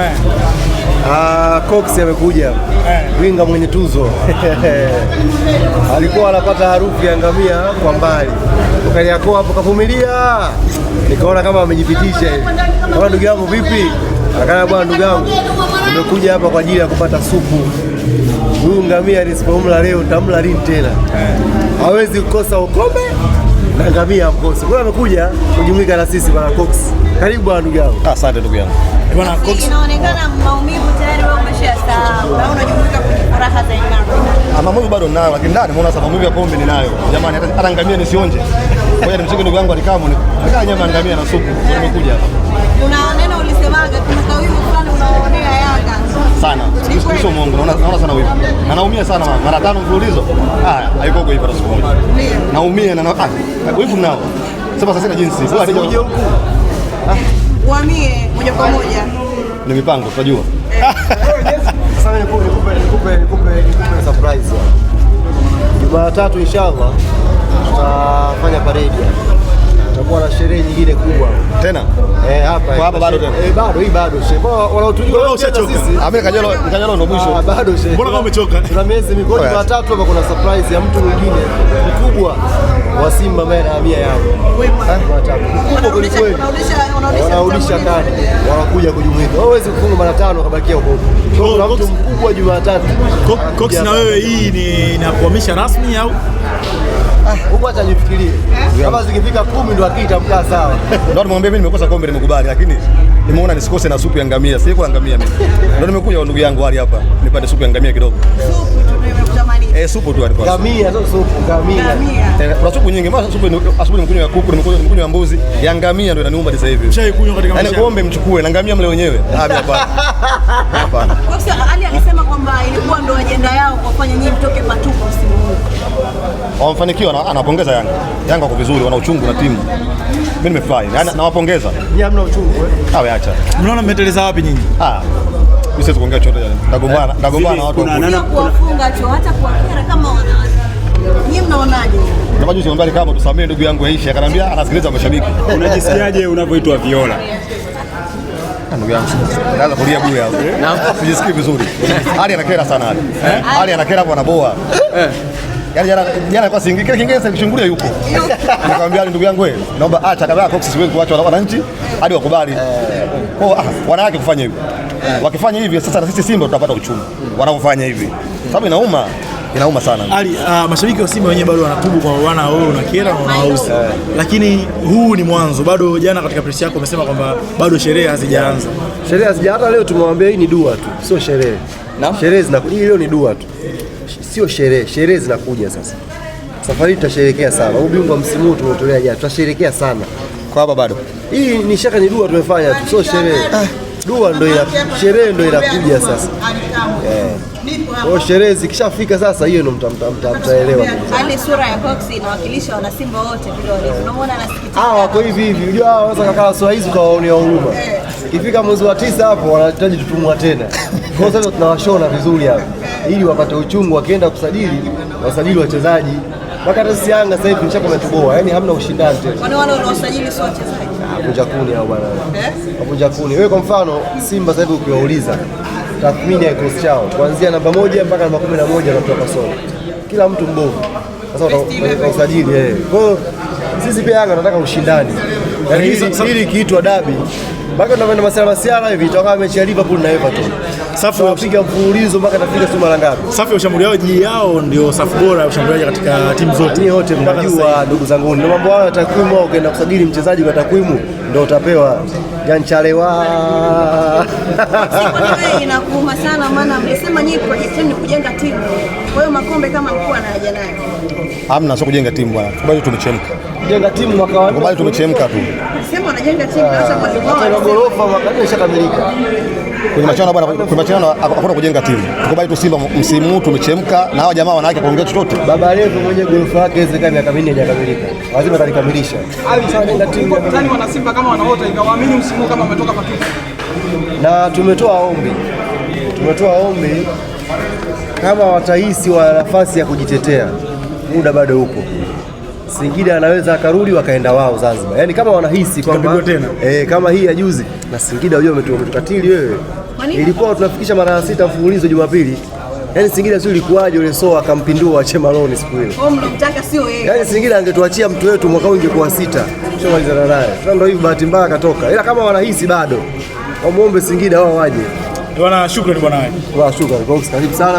eh. Ah, Cox amekuja eh. Winga mwenye tuzo alikuwa anapata harufu ya ngamia kwa mbali, ukaliako hapo kavumilia, nikaona kama amejipitisha hivi. Kama ndugu yangu vipi? Akana bwana, ndugu yangu, nimekuja hapa kwa ajili ya kupata supu. Huyu ngamia nisipomla leo tamla lini tena? Eh. Hawezi kukosa ukombe na ngamia mkosi. Kwa amekuja kujumuika na sisi bwana Cox. Karibu bwana ndugu yangu. Ah, asante ndugu yangu. Eh, bwana Cox. Inaonekana maumivu tayari wewe umeshasahau. Na unajumuika kwenye furaha za imani. Ah, maumivu bado ninayo, lakini ndani muona sasa maumivu ya pombe ninayo. Jamani hata ngamia nisionje. Kwa Ngoja nimshike ndugu yangu alikaa mwenye. Alikaa nyama ngamia na supu. Nimekuja hapa. Kuna neno ulisemaga kuna kawivu fulani unaonea Yanga. Sana. Sio Mungu. Naona naona sana wewe. Na naumia sana mama. Mara tano mfululizo. Haya, ah, haiko huko hivyo siku moja. Naumia na ah, wivu nao. Sasa sasa sina jinsi. Wewe alija huko. Uamie moja kwa moja. Ni mipango tunajua. Eh. Sasa nikupe nikupe nikupe nikupe surprise. Jumatatu inshallah tutafanya parade, tutakuwa na sherehe nyingine kubwa tena eh, hapa kwa hapa bado tena eh, bado hii bado shehe, kwa wala wanaotujua wao usichoka Amini kanyalo kanyalo ndo mwisho ah, bado shehe, mbona kama umechoka? Tuna miezi mikono ya tatu hapa, kuna surprise ya mtu mwingine mkubwa wa Simba ambaye anahamia yao eh, mkubwa kweli kweli, wanaulisha kadi, wanakuja kujumuika. Wewe huwezi kufunga mara tano kabakia huko huko, kuna mtu mkubwa Jumatatu. Cox na wewe, hii ni inakuhamisha rasmi au huko, acha jifikirie eh? kama zikifika kumi ndo akitamkaa sawa, ndo nimwambia mimi nimekosa kombe, nimekubali, lakini nimeona nisikose na supu ya ngamia. Si kuna ngamia mimi ndo nimekuja, ndugu yangu hali hapa nipate supu ya ngamia kidogo. Eh, supu tu alikuwa. Ngamia sio supu, ngamia. Eh, kuna supu nyingi. Mara supu asubuhi nimekunywa ya kuku, nimekunywa nimekunywa mbuzi, ya ngamia ndio inaniuma sasa hivi. Chai kunywa katika maisha. Yaani kombe mchukue na ngamia mle wenyewe. Ah, hapana. Hapana. Kwa sababu Ali alisema kwamba ilikuwa ndio ajenda yao kufanya nyinyi mtoke patupu wamefanikiwa, anawapongeza Yanga. Yanga wako vizuri, wana uchungu na timu. Mimi nimefurahi, nawapongeza. Yeye hamna uchungu eh? Awe acha. Mnaona mmeteleza wapi nyinyi? Ah. Mimi siwezi kuongea chote, jana. Ndagombana, ndagombana na watu wa kufunga cho hata kuwakera kama wanawake. mnaonaje? Na majuzi kama tusamee ndugu yangu Aisha, akanambia anasikiliza mashabiki. Unajisikiaje unavyoitwa Viola? ndugu yangu, naanza kulia bure hapo, sijisikii eh? vizuri. Hali anakera sana, hali hali eh? anakera bwana boa eh. yaani Jana jana kwa singi kile kingine sikushungulia yuko. Nakwambia ndugu yangu wewe, naomba acha kabla yako siwezi kuacha wananchi hadi wakubali. Kwa oh, ah, wanawake kufanya hivyo. Wakifanya hivyo sasa na sisi Simba tutapata uchumi. Hmm. Wanaofanya hivi. Sababu inauma inauma sana. Ali, uh, mashabiki wa Simba wenyewe bado wanatubu kwa wana wao na kiera na yeah. Lakini huu ni mwanzo. Bado jana katika press yako umesema kwamba bado sherehe hazijaanza. Sherehe hazija Hata leo tumewaambia hii ni dua tu, sio sherehe. Naam. Sherehe zinakuja leo ni dua tu. Sio sherehe. Sherehe zinakuja sasa. Safari tutasherekea sana. Ubingwa msimu huu tumetolea jana. Tutasherekea sana. Kwa hapa bado. Hii ni shaka ni dua tumefanya tu, sio sherehe. Ah. Dua ndio ina sherehe ndio inakuja sasa. Yeah sherehe zikishafika sasa, hiyo ndo mtaelewa. Hawa wako hivi hivi, unajua hawa wanaweza kukaa hizi ukawaonea huruma. Eh. Ikifika mwezi wa tisa hapo wanahitaji tutumwa tena, kwa sababu tunawashona vizuri hapo ili wapate uchungu, wakienda kusajili wasajili wachezaji mpaka hata sisi Yanga sasa hivi nishakametoboa, yaani hamna ushindani tena. Wale wale wanaosajili sio wachezaji, wapunja kuni hao bwana, eh? wapunja kuni. Wewe kwa mfano Simba sasa hivi ukiwauliza tathmini ya kikosi chao kuanzia namba moja mpaka namba kumi na moja natoka somo, kila mtu mbovu. Sasa usajili, eh. kwa hiyo sisi pia Yanga tunataka ushindani, yaani lakini hili kiitwa dabi bado tunaenda masiara masiara hivi toka mechi ya Liverpool na Everton. Safu wapiga mfululizo mpaka tafika tu mara ngapi? Safu ya ushambuliaji yao ndio safu bora ya ushambuliaji katika timu zote. Ni wote mnajua ndugu zangu. Ndio mambo hayo takwimu, kenda kusajili mchezaji kwa takwimu ndio utapewa janchalewa. Inakuuma sana maana mlisema nyinyi project ni kujenga timu kikombe kama mkuu ana haja naye? Hamna, sio kujenga timu bwana, bado tumechemka. Jenga timu mwaka wapi? bado tumechemka tu, sema anajenga timu hata kwa sababu gorofa mwaka ndio ishakamilika kwenye mashindano bwana, kwenye mashindano hakuna kujenga timu. Tukubali tu, Simba msimu huu tumechemka, na hawa jamaa wanawake kuongea chochote. Baba Levo mwenye gorofa yake hizo kama miaka minne hajakamilika, lazima atakamilisha. jenga timu. Tani wana Simba kama wanaota ikawaamini msimu kama umetoka kitu. na tumetoa ombi, tumetoa ombi kama watahisi wana nafasi ya kujitetea, muda bado upo. Singida anaweza akarudi wakaenda wao Zanzibar, yaani kama wanahisi kwamba eh, kama hii ya juzi na Singida, unajua umetukatili wewe, ilikuwa tunafikisha mara ya sita mfululizo Jumapili. Yaani Singida sio ilikuwaje, ule Soa akampindua Chemaloni siku ile. Yaani Singida angetuachia mtu wetu mwaka huu ingekuwa sita, tumalizana naye. Sasa ndio hivi, bahati mbaya akatoka, ila kama wanahisi bado wamwombe Singida wao waje. Bwana, shukrani bwana. Bwana, shukrani. Karibu sana.